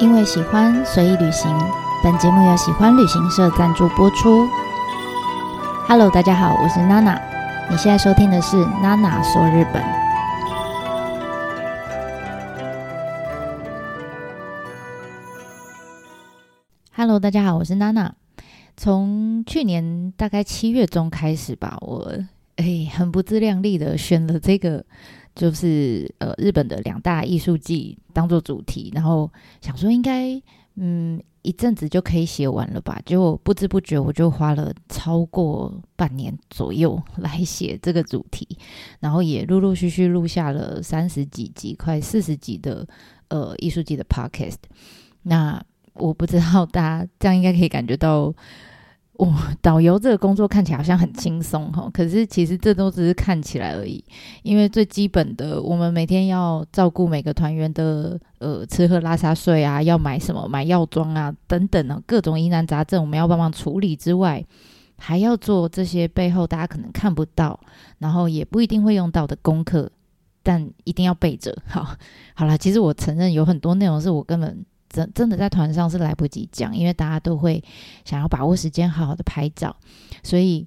因為喜歡所以旅行，本節目由喜歡旅行社贊助播出。Hello，大家好，我是娜娜。你現在收聽的是娜娜說日本。Hello，大家好，我是娜娜。從去年大概七月中開始吧，我、哎、很不自量力的選了這個。就是呃，日本的兩大藝術祭當做主題，然後想說應該嗯一陣子就可以寫完了吧，結果不知不覺我就花了超過半年左右來寫這個主題，然後也陸陸續續錄下了三十幾集，快四十集的呃藝術祭的 podcast。那我不知道大家這樣應該可以感覺到。我、哦、導遊這個工作看起來好像很輕鬆哈，哦，可是其實這都只是看起來而已，因為最基本的，我們每天要照顧每個團員的呃吃喝拉撒睡啊，要買什麼買藥妝啊等等啊，各種疑難雜症我們要幫忙處理之外，還要做這些背後大家可能看不到，然後也不一定會用到的功課，但一定要備着。好好啦。其實我承認有很多內容是我根本。真真的在團上是來不及講，因為大家都會想要把握時間好好的拍照，所以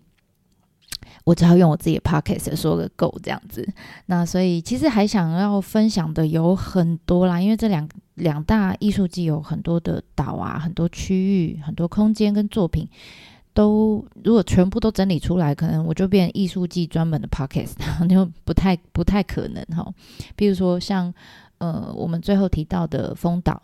我只好用我自己的 podcast 說個夠這樣子。那所以其實還想要分享的有很多啦，因為這兩兩大藝術祭有很多的島啊，很多區域，很多空間跟作品都如果全部都整理出來，可能我就變藝術祭專門的 podcast，那就不太不太可能哈。比如說像呃我們最後提到的豐島。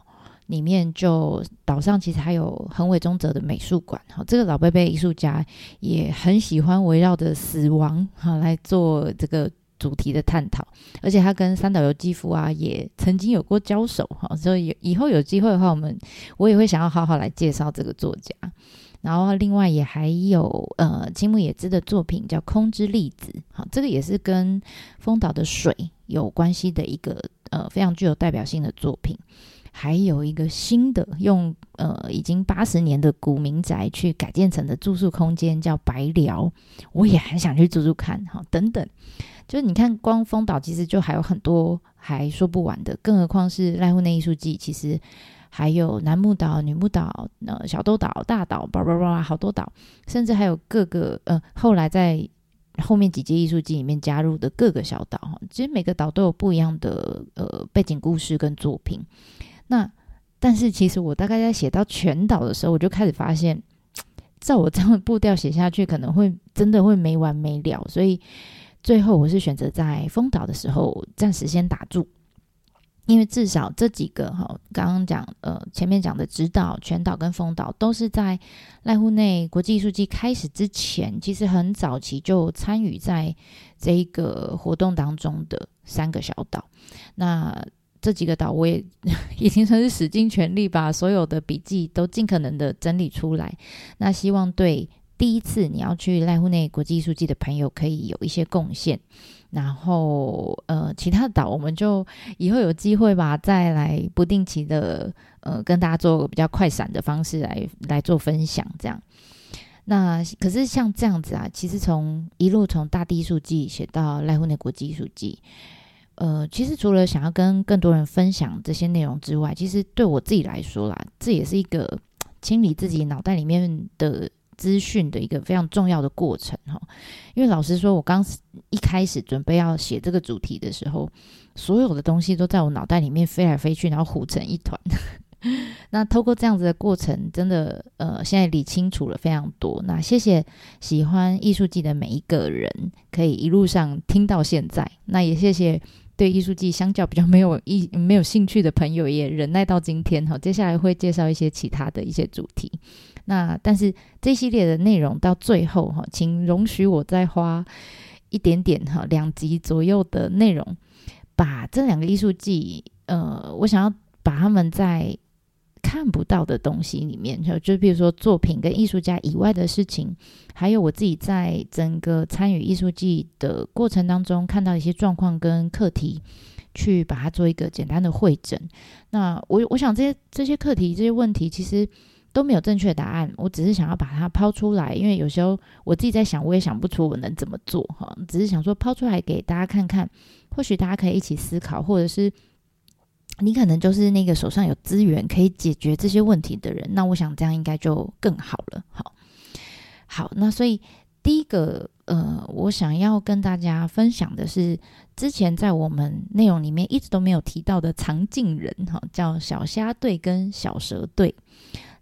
裡面就島上其實還有橫尾忠則的美術館，哈、哦，這個老伯伯藝術家也很喜歡圍繞着死亡，哈、哦，來做這個主題的探討。而且他跟三島由紀夫啊，也曾經有過交手，哈、哦，所以以後有機會的話，我們我也會想要好好來介紹這個作家。然後另外也還有呃青木野枝的作品叫《空之粒子》，哈、哦，這個也是跟豐島的水有關係的一個呃非常具有代表性的作品。還有一個新的，用呃已經八十年的古民宅去改建成的住宿空間，叫白寮，我也很想去住住看哈、哦。等等，就是你看光豐島其實就還有很多還說不完的，更何況是瀨戶內藝術祭，其實還有男木島、女木島、呃小豆島、大島，叭叭叭叭，好多島，甚至還有各個呃後來在後面幾屆藝術祭裡面加入的各個小島哈。其實每個島都有不一樣的呃背景故事跟作品。那，但是其實我大概在寫到全島的時候，我就開始發現，照我這樣的步調寫下去，可能會真的會沒完沒了。所以最後我是選擇在豐島的時候暫時先打住，因為至少這幾個哈，剛剛講呃前面講的直島全島跟豐島都是在瀨戶內國際藝術祭開始之前，其實很早期就參與在這一個活動當中的三個小島。那。這幾個島我也已經算是使盡全力，把所有的筆記都盡可能的整理出來。那希望對第一次你要去瀨戶內國際藝術祭的朋友可以有一些貢獻。然後呃，其他的島我們就以後有機會吧，再來不定期的呃，跟大家做個比較快閃的方式來來做分享。這樣。那可是像這樣子啊，其實從一路從大地藝術祭寫到瀨戶內國際藝術祭。呃，其實除了想要跟更多人分享這些內容之外，其實對我自己來說啦，這也是一個清理自己腦袋裡面的資訊的一個非常重要的過程哈、哦。因為老實說，我剛一開始準備要寫這個主題的時候，所有的東西都在我腦袋裡面飛來飛去，然後糊成一團。 那透過這樣子的過程，真的呃，現在理清楚了非常多。那謝謝喜歡藝術祭的每一個人，可以一路上聽到現在。那也謝謝。對藝術祭相較比較沒有藝沒有興趣的朋友也忍耐到今天哈，接下來會介紹一些其他的一些主題。那但是這系列的內容到最後哈，請容許我再花一點點哈，兩集左右的內容，把這兩個藝術祭呃，我想要把他們在。看不到的東西裡面，就就比如說作品跟藝術家以外的事情，還有我自己在整個參與藝術祭的過程當中看到一些狀況跟課題，去把它做一個簡單的彙整。那我我想這些這些課題這些問題其實都沒有正確答案，我只是想要把它拋出來，因為有時候我自己在想，我也想不出我能怎麼做哈，只是想說拋出來給大家看看，或許大家可以一起思考，或者是。你可能就是那個手上有資源可以解決這些問題的人，那我想這樣應該就更好了。好，好，那所以第一個，呃，我想要跟大家分享的是，之前在我們內容裡面一直都沒有提到的藏鏡人，哈，叫小蝦隊跟小蛇隊。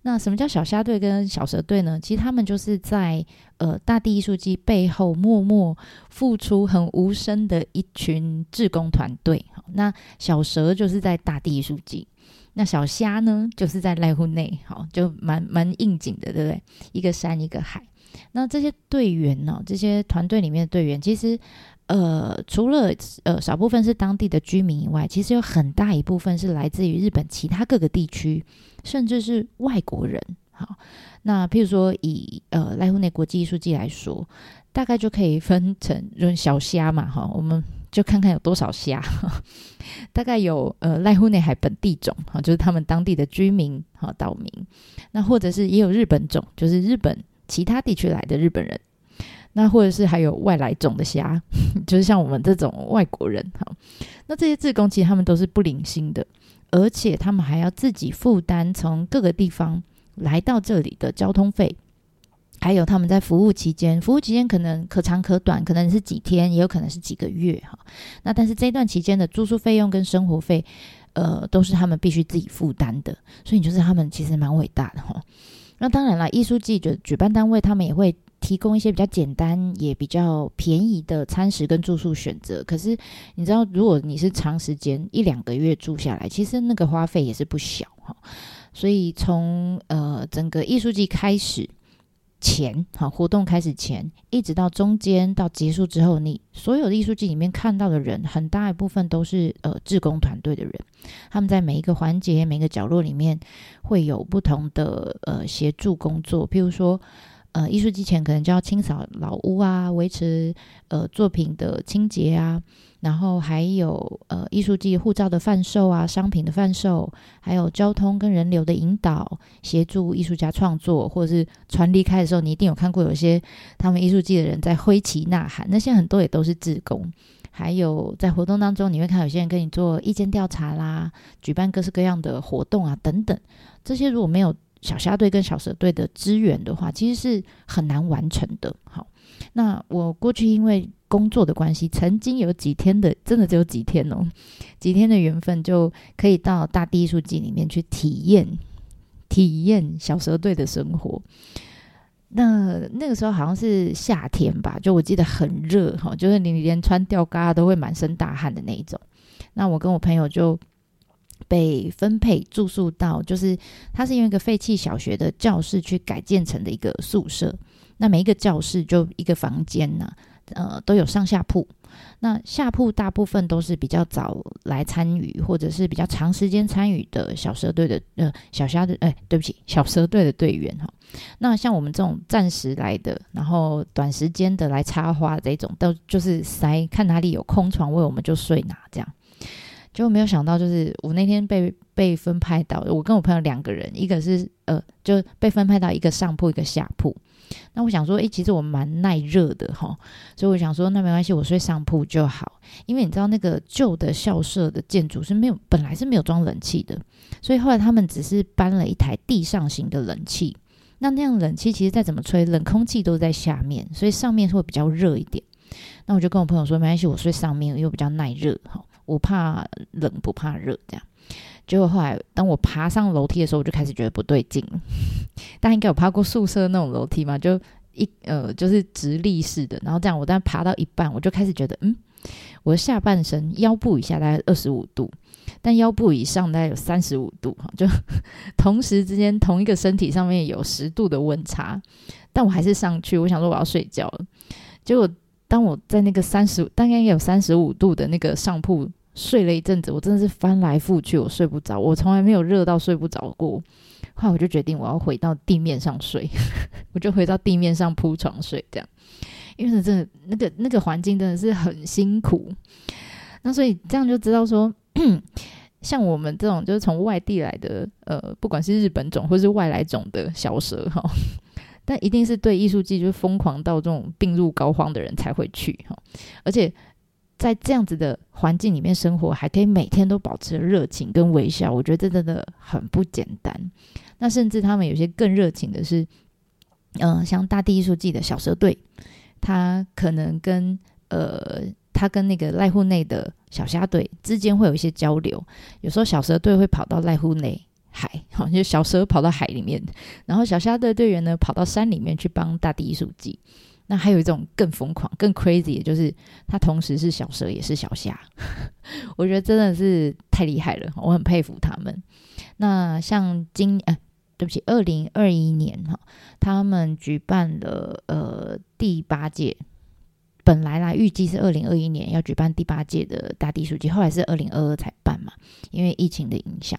那什麼叫小蝦隊跟小蛇隊呢？其實他們就是在呃大地藝術祭背後默默付出，很無聲的一群志工團隊。那小蛇就是在大地藝術祭，那小蝦呢就是在瀨戶內，好，哦，就蠻蠻應景的，對不對？一個山，一個海。那這些隊員呢，哦？這些團隊裡面的隊員，其實。呃，除了呃少部分是當地的居民以外，其實有很大一部分是來自於日本其他各個地區，甚至是外國人。好，那譬如說以呃瀨戶內國際藝術祭來說，大概就可以分成就小蝦嘛，哈，我們就看看有多少蝦。呵呵大概有呃瀨戶內海本地種，哈，就是他們當地的居民哈島民，那或者是也有日本種，就是日本其他地區來的日本人。那或者是還有外來種的蝦， 就是像我們這種外國人哈。那這些志工其實他們都是不領薪的，而且他們還要自己負擔從各個地方來到這裡的交通費，還有他們在服務期間，服務期間可能可長可短，可能是幾天，也有可能是幾個月哈。那但是這一段期間的住宿費用跟生活費，呃，都是他們必須自己負擔的。所以就是他們其實蠻偉大的哈。那當然了，藝術祭的舉辦單位他們也會。提供一些比較簡單也比較便宜的餐食跟住宿選擇。可是你知道，如果你是長時間一兩個月住下來，其實那個花費也是不小哈。所以從呃整個藝術季開始前，哈活動開始前，一直到中間到結束之後，你所有的藝術季裡面看到的人，很大一部分都是呃志工團隊的人，他們在每一個環節、每一個角落裡面會有不同的呃協助工作，譬如說。呃，藝術祭前可能就要清掃老屋啊，維持呃作品的清潔啊，然後還有呃藝術祭護照的販售啊，商品的販售，還有交通跟人流的引導，協助藝術家創作，或者是船離開的時候，你一定有看過有些他們藝術祭的人在揮旗吶喊，那些很多也都是志工，還有在活動當中你會看有些人跟你做意見調查啦，舉辦各式各樣的活動啊等等，這些如果沒有。小蝦隊跟小蛇隊的支援的話，其實是很難完成的。好，那我過去因為工作的關係，曾經有幾天的，真的只有幾天哦，幾天的緣分就可以到大地藝術祭裡面去體驗，體驗小蛇隊的生活。那那個時候好像是夏天吧，就我記得很熱哈、哦，就是你連穿吊嘎都會滿身大汗的那一種。那我跟我朋友就。被分配住宿到，就是它是用一個廢棄小學的教室去改建成的一個宿舍。那每一個教室就一個房間吶、啊，呃，都有上下鋪。那下鋪大部分都是比較早來參與或者是比較長時間參與的小蛇隊的呃小蝦隊，哎，對不起，小蛇隊的隊員哈。那像我們這種暫時來的，然後短時間的來插花這種，都就是塞看哪裡有空床位，我們就睡哪這樣。就沒有想到，就是我那天被被分派到，我跟我朋友兩個人，一個是呃，就被分派到一個上鋪，一個下鋪。那我想說，誒、欸，其實我蠻耐熱的哈，所以我想說，那沒關係，我睡上鋪就好。因為你知道，那個舊的校舍的建築是沒有，本來是沒有裝冷氣的，所以後來他們只是搬了一台地上型的冷氣。那那樣冷氣其實再怎麼吹，冷空氣都是在下面，所以上面會比較熱一點。那我就跟我朋友說，沒關係，我睡上面，因為我比較耐熱哈。齁我怕冷，不怕熱，這樣。結果後來，當我爬上樓梯的時候，我就開始覺得不對勁了。大家應該有爬過宿舍那種樓梯嘛？就一呃，就是直立式的。然後這樣，我當爬到一半，我就開始覺得，嗯，我的下半身腰部以下大概二十五度，但腰部以上大概有三十五度，哈，就同時之間同一個身體上面有十度的溫差。但我還是上去，我想說我要睡覺了。結果。當我在那個三十，大概有三十五度的那個上鋪睡了一陣子，我真的是翻來覆去，我睡不着。我從來沒有熱到睡不着過。後來我就決定，我要回到地面上睡， 我就回到地面上鋪床睡這樣，因為是真的那個那個環境真的是很辛苦。那所以這樣就知道說，像我們這種就是從外地來的，呃，不管是日本種或是外來種的小蛇哈。哦但一定是對藝術季就是瘋狂到這種病入膏肓的人才會去哈，而且在這樣子的環境裡面生活，還可以每天都保持熱情跟微笑，我覺得這真的很不簡單。那甚至他們有些更熱情的是，嗯、呃，像大地藝術季的小蛇隊，他可能跟呃，他跟那個瀨戶內的小蝦隊之間會有一些交流，有時候小蛇隊會跑到瀨戶內。海好，像小蛇跑到海裡面，然後小蝦的隊員呢跑到山裡面去幫大地藝術祭。那還有一種更瘋狂、更 crazy 的，就是他同時是小蛇也是小蝦。 我覺得真的是太厲害了，我很佩服他們。那像今呃、哎，對不起，二零二一年哈，他們舉辦了呃第八屆，本來啦預計是二零二一年要舉辦第八屆的大地藝術祭，後來是二零二二才。因為疫情的影響，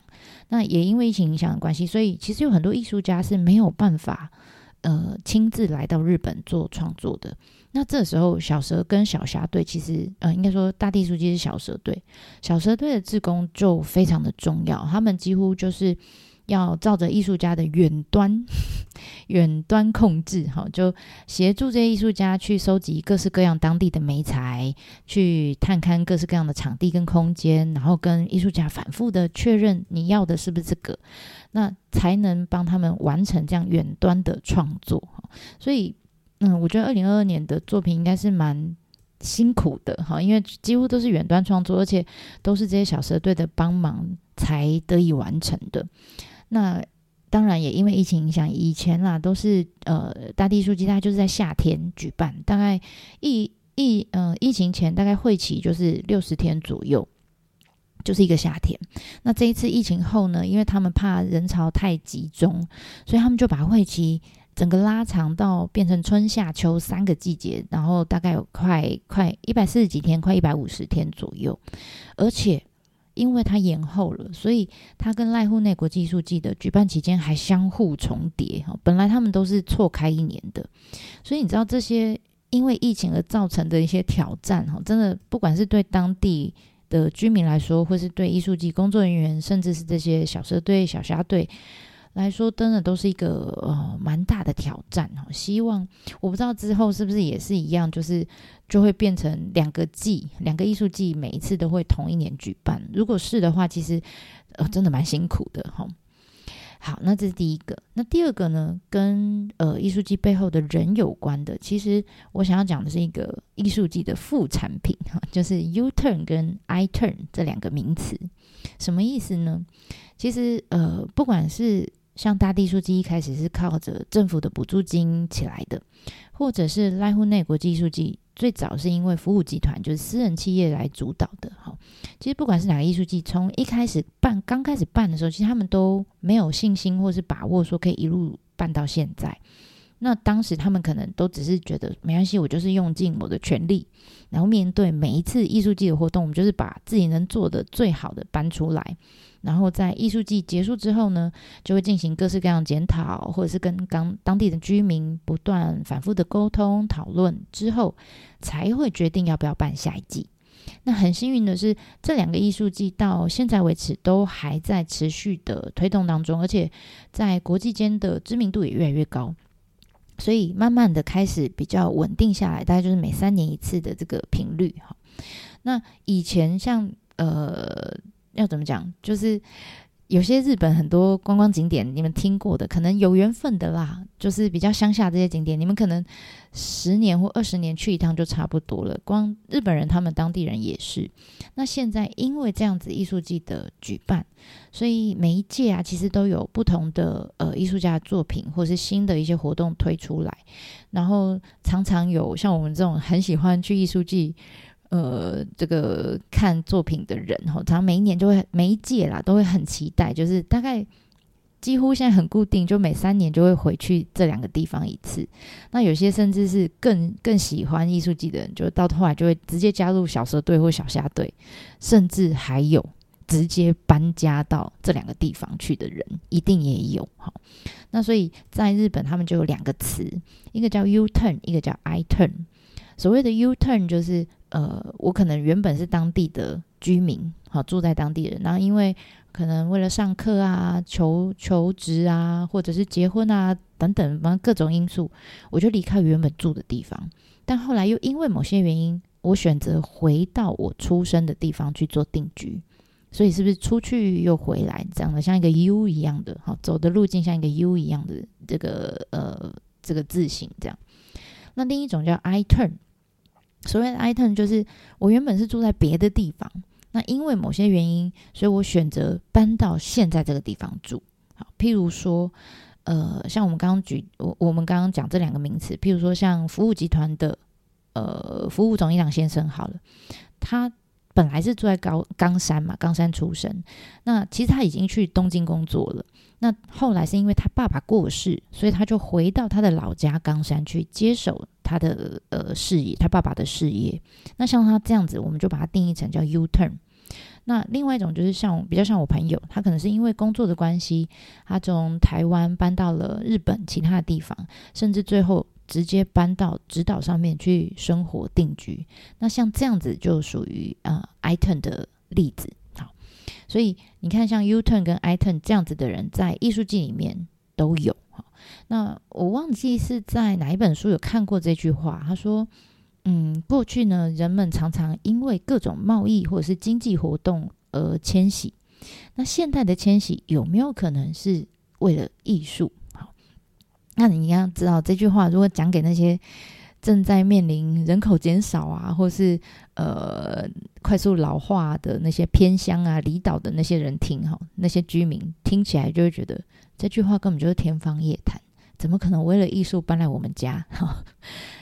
那也因為疫情影響的關係，所以其實有很多藝術家是沒有辦法呃親自來到日本做創作的。那這時候，小蛇跟小蝦隊，其實呃應該說大地藝術祭是小蛇隊，小蛇隊的志工就非常的重要，他們幾乎就是。要照着藝術家的遠端，遠端控制，哈，就協助這些藝術家去收集各式各樣當地的媒材，去探勘各式各樣的場地跟空間，然後跟藝術家反覆的確認你要的是不是這個？那才能幫他們完成這樣遠端的創作，所以，嗯，我覺得二零二二年的作品應該是蠻辛苦的，哈，因為幾乎都是遠端創作，而且都是這些小蛇隊的幫忙才得以完成的。那當然也因為疫情影響，以前啦都是呃大地藝術祭他就是在夏天舉辦，大概疫疫呃疫情前大概會期就是六十天左右，就是一個夏天。那這一次疫情後呢，因為他們怕人潮太集中，所以他們就把會期整個拉長到變成春夏秋三個季節，然後大概有快快一百四十幾天，快一百五十天左右，而且。因為它延後了，所以它跟瀨戶內國際藝術祭的舉辦期間還相互重疊哈。本來他們都是錯開一年的，所以你知道這些因為疫情而造成的一些挑戰哈，真的不管是對當地的居民來說，或是對藝術祭工作人員，甚至是這些小蛇隊、小蝦隊。來說，真的都是一個呃蠻大的挑戰。哦，希望我不知道之後是不是也是一樣，就是就會變成兩個祭，兩個藝術祭，每一次都會同一年舉辦。如果是的話，其實呃真的蠻辛苦的哈，哦。好，那這是第一個。那第二個呢，跟呃藝術祭背後的人有關的。其實我想要講的是一個藝術祭的副產品哈，哦，就是 U-turn 跟 I-turn 這兩個名詞，什麼意思呢？其實呃，不管是像大地藝術祭一開始是靠着政府的補助金起來的，或者是瀨戶內國際藝術祭最早是因為服務集團就是私人企業來主導的。哈，其實不管是哪個藝術祭，從一開始辦剛開始辦的時候，其實他們都沒有信心或是把握說可以一路辦到現在。那當時他們可能都只是覺得沒關係，我就是用盡我的全力，然後面對每一次藝術祭的活動，我們就是把自己能做的最好的搬出來。然後在藝術祭結束之後呢，就會進行各式各樣的檢討，或者是跟剛當地的居民不斷反覆的溝通討論之後，才會決定要不要辦下一季。那很幸運的是，這兩個藝術祭到現在為止都還在持續的推動當中，而且在國際間的知名度也越來越高，所以慢慢的開始比較穩定下來，大概就是每三年一次的這個頻率哈。那以前像呃。要怎麼講？就是有些日本很多觀光景點，你們聽過的，可能有緣分的啦。就是比較鄉下的這些景點，你們可能十年或二十年去一趟就差不多了。光日本人他們當地人也是。那現在因為這樣子藝術祭的舉辦，所以每一屆啊，其實都有不同的呃藝術家的作品，或是新的一些活動推出來。然後常常有像我們這種很喜歡去藝術祭。呃，這個看作品的人哈，常常每一年就會每一屆啦，都會很期待，就是大概幾乎現在很固定，就每三年就會回去這兩個地方一次。那有些甚至是更更喜歡藝術祭的人，就到後來就會直接加入小蛇隊或小蝦隊，甚至還有直接搬家到這兩個地方去的人，一定也有哈。那所以在日本，他們就有兩個詞，一個叫 U-turn，一個叫 I-turn。所謂的 U-turn 就是。呃，我可能原本是當地的居民，好住在當地人，然後因為可能為了上課啊、求求職啊，或者是結婚啊等等，反正各種因素，我就離開原本住的地方。但後來又因為某些原因，我選擇回到我出生的地方去做定居。所以是不是出去又回來，長得像一個 U 一樣的，好走的路徑像一個 U 一樣的這個呃這個字形這樣。那另一種叫 I-turn。所謂的 I-turn 就是我原本是住在別的地方，那因為某些原因，所以我選擇搬到現在這個地方住。好，譬如說，呃，像我們剛剛舉，我我們剛剛講這兩個名詞，譬如說，像福武集團的，呃，福武總一郎先生，好了，他本來是住在高岡山嘛，岡山出生，那其實他已經去東京工作了。那後來是因為他爸爸過世，所以他就回到他的老家岡山去接手他的呃事業，他爸爸的事業。那像他這樣子，我們就把它定義成叫 U turn。那另外一種就是像比較像我朋友，他可能是因為工作的關係，他從台灣搬到了日本其他的地方，甚至最後直接搬到直島上面去生活定居。那像這樣子就屬於呃 I turn 的例子。所以你看像，像 U-turn 跟 I-turn 這樣子的人，在藝術界裡面都有。那我忘記是在哪一本書有看過這句話。他說：“嗯，過去呢，人們常常因為各種貿易或者是經濟活動而遷徙。那現代的遷徙有沒有可能是為了藝術？好，那你要知道這句話，如果講給那些……”正在面臨人口減少啊，或是呃快速老化的那些偏鄉啊、離島的那些人聽哈、哦，那些居民聽起來就會覺得這句話根本就是天方夜譚，怎麼可能為了藝術搬來我們家？哈、哦，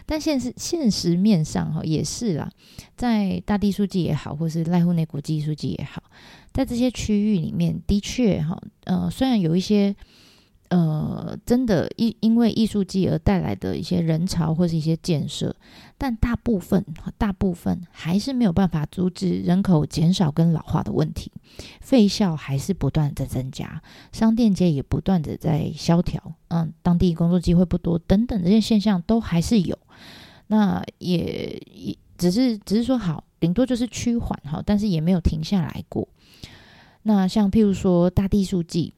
但現實現實面上哈、哦、也是啦，在大地藝術祭也好，或是瀨戶內國際藝術祭也好，在這些區域裡面的確哈、哦，呃，雖然有一些。呃，真的因因為藝術祭而帶來的一些人潮或是一些建設，但大部分大部分還是沒有辦法阻止人口減少跟老化的問題，廢校還是不斷的增加，商店街也不斷的在蕭條，嗯，當地工作機會不多等等這些現象都還是有，那也也只是只是說好，頂多就是趨緩哈，但是也沒有停下來過。那像譬如說大地藝術祭。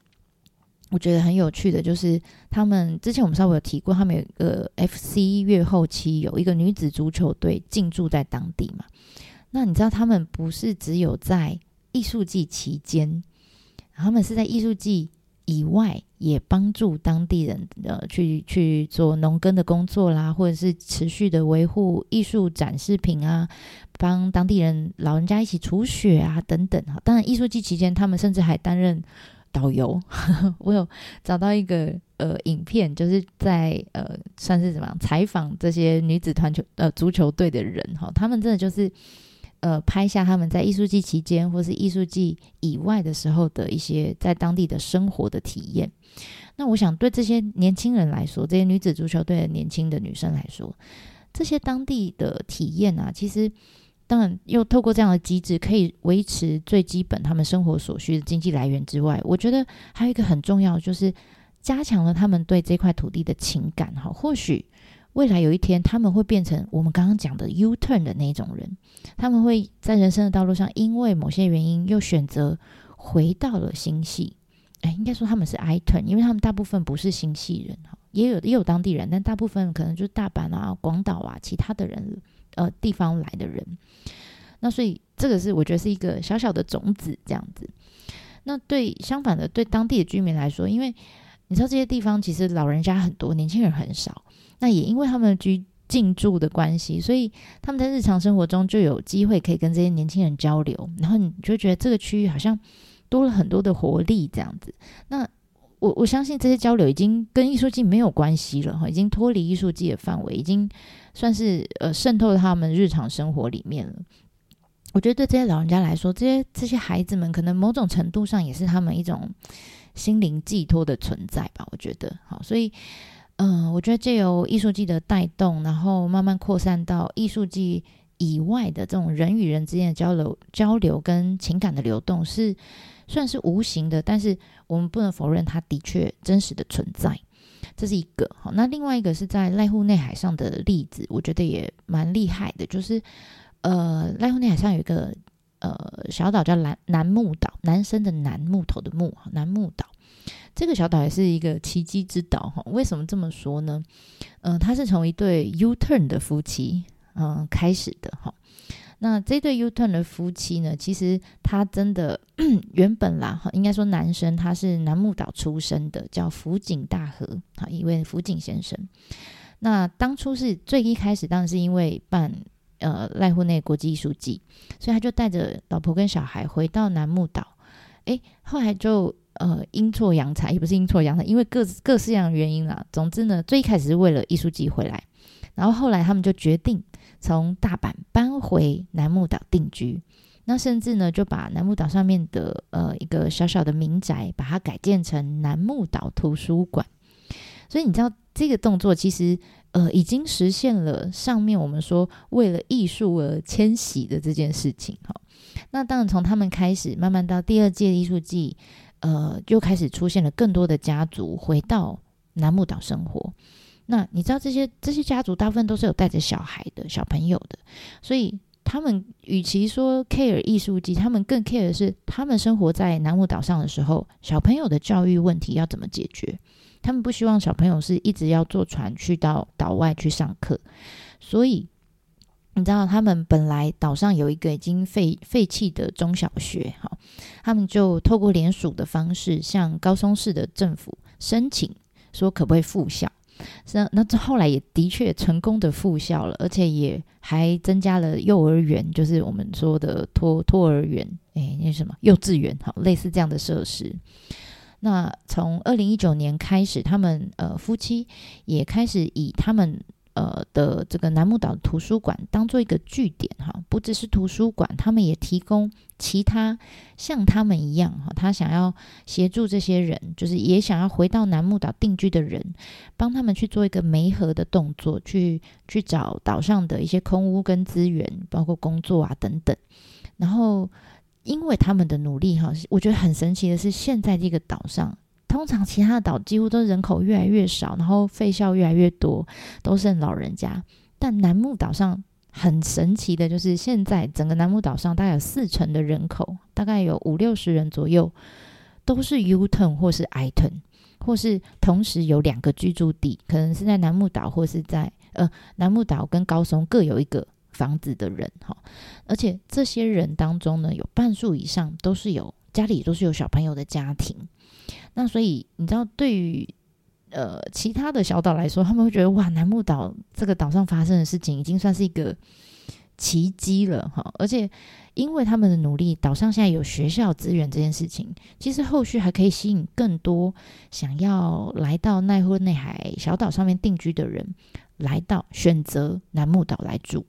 我覺得很有趣的就是，他們之前我們稍微有提過，他們有一個 FC 越後期有一個女子足球隊進駐在當地嘛。那你知道他們不是只有在藝術季期間，他們是在藝術季以外也幫助當地人呃去去做農耕的工作啦，或者是持續的維護藝術展示品啊，幫當地人老人家一起除雪啊等等啊。當然，藝術季期間他們甚至還擔任。導遊， 我有找到一個呃影片，就是在呃算是怎麼樣採訪這些女子團球呃足球隊的人哈，他們真的就是呃拍下他們在藝術祭期間或是藝術祭以外的時候的一些在當地的生活的體驗。那我想對這些年輕人來說，這些女子足球隊的年輕的女生來說，這些當地的體驗啊，其實。當然，又透過這樣的機制，可以維持最基本他們生活所需的經濟來源之外，我覺得還有一個很重要，就是加強了他們對這塊土地的情感。哈，或許未來有一天，他們會變成我們剛剛講的 U-turn 的那種人，他們會在人生的道路上，因為某些原因，又選擇回到了新潟。哎，應該說他們是 I-turn，因為他們大部分不是新潟人，哈，也有也有當地人，但大部分可能就是大阪啊、廣島啊，其他的人了。呃，地方來的人，那所以這個是我覺得是一個小小的種子這樣子。那對相反的，對當地的居民來說，因為你知道這些地方其實老人家很多，年輕人很少。那也因為他們居進駐的關係，所以他們在日常生活中就有機會可以跟這些年輕人交流。然後你就覺得這個區域好像多了很多的活力這樣子。那我我相信這些交流已經跟藝術祭沒有關係了，哈，已經脫離藝術祭的範圍，已經。算是呃，滲透他們日常生活裡面了。我覺得對這些老人家來說，這些這些孩子們可能某種程度上也是他們一種心靈寄託的存在吧。我覺得好，所以嗯、呃，我覺得借由藝術祭的帶動，然後慢慢擴散到藝術祭以外的這種人與人之間的交流，交流跟情感的流動是，是算是無形的，但是我們不能否認它的確真實的存在。這是一個好，那另外一個是在瀨戶內海上的例子，我覺得也蠻厲害的。就是，呃，瀨戶內海上有一個呃小島叫男男木島，男生的男，木頭的木，男木島。這個小島也是一個奇蹟之島，哈。為什麼這麼說呢？嗯、呃，它是從一對 U turn 的夫妻嗯、呃、開始的，哈、呃。那這對 U-turn 的夫妻呢，其實他真的原本啦，應該說男生他是男木島出生的，叫福井大和，一位福井先生。那當初是最一開始，當然是因為辦呃瀨戶內國際藝術祭，所以他就帶着老婆跟小孩回到男木島。哎，後來就呃陰錯陽差，也不是陰錯陽差，因為各各式各樣的原因啦。總之呢，最一開始是為了藝術祭回來。然後後來他們就決定從大阪搬回男木島定居，那甚至呢，就把男木島上面的呃一個小小的民宅，把它改建成男木島圖書館。所以你知道這個動作其實呃已經實現了上面我們說為了藝術而遷徙的這件事情哈。那當然從他們開始慢慢到第二屆藝術祭，呃就開始出現了更多的家族回到男木島生活。那你知道這些這些家族大部分都是有帶着小孩的小朋友的，所以他們與其說 care 藝術祭，他們更 care 的是他們生活在男木島上的時候，小朋友的教育問題要怎麼解決？他們不希望小朋友是一直要坐船去到島外去上課，所以你知道他們本來島上有一個已經廢廢棄的中小學，好，他們就透過聯署的方式向高松市的政府申請，說可不可以復校？那、啊、那這後來也的確成功的復校了，而且也還增加了幼兒園，就是我們說的托托兒園，哎、欸，那什麼幼稚園，好，類似這樣的設施。那從二零一九年開始，他們呃夫妻也開始以他們。呃的這個男木島圖書館當做一個據點哈，不只是圖書館，他們也提供其他像他們一樣哈，他想要協助這些人，就是也想要回到男木島定居的人，幫他們去做一個媒合的動作，去去找島上的一些空屋跟資源，包括工作啊等等。然後因為他們的努力哈，我覺得很神奇的是，現在這個島上。通常，其他的島幾乎都人口越來越少，然後廢校越來越多，都是很老人家。但男木島上很神奇的，就是現在整個男木島上大概有四成的人口，大概有五六十人左右，都是 U-turn 或是 I-turn 或是同時有兩個居住地，可能是在男木島或是在呃男木島跟高松各有一個房子的人哈。而且這些人當中呢，有半數以上都是有家裡都是有小朋友的家庭。那所以，你知道，對於呃其他的小島來說，他們會覺得哇，男木島這個島上發生的事情已經算是一個奇蹟了哈、哦。而且，因為他們的努力，島上現在有學校資源這件事情，其實後續還可以吸引更多想要來到瀨戶內海小島上面定居的人來到選擇男木島來住，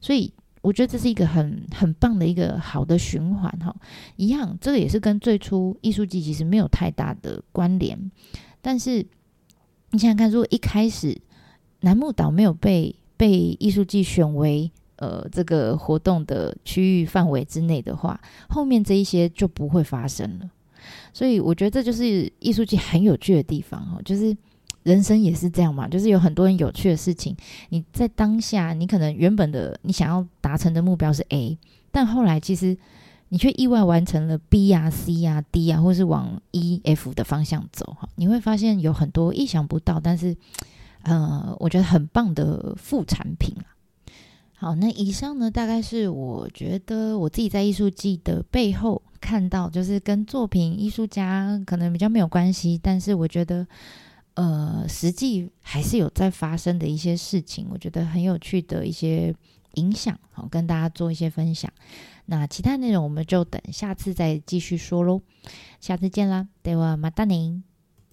所以。我覺得這是一個很很棒的一個好的循環哈，一樣，這個也是跟最初藝術祭其實沒有太大的關聯，但是你想想看，如果一開始楠木島沒有被被藝術祭選為呃這個活動的區域範圍之內的話，後面這一些就不會發生了，所以我覺得這就是藝術祭很有趣的地方哈，就是。人生也是這樣嘛，就是有很多人有趣的事情。你在當下，你可能原本的你想要達成的目標是 A，但後來其實你卻意外完成了 B 啊、C 啊、D 啊，或是往 E、F 的方向走哈。你會發現有很多意想不到，但是呃，我覺得很棒的副產品啦。好，那以上呢，大概是我覺得我自己在藝術祭的背後看到，就是跟作品、藝術家可能比較沒有關係，但是我覺得。呃，實際還是有在發生的一些事情，我覺得很有趣的一些影響，好，跟大家做一些分享。那其他內容我們就等下次再繼續說嘍，下次見啦，ではまたね。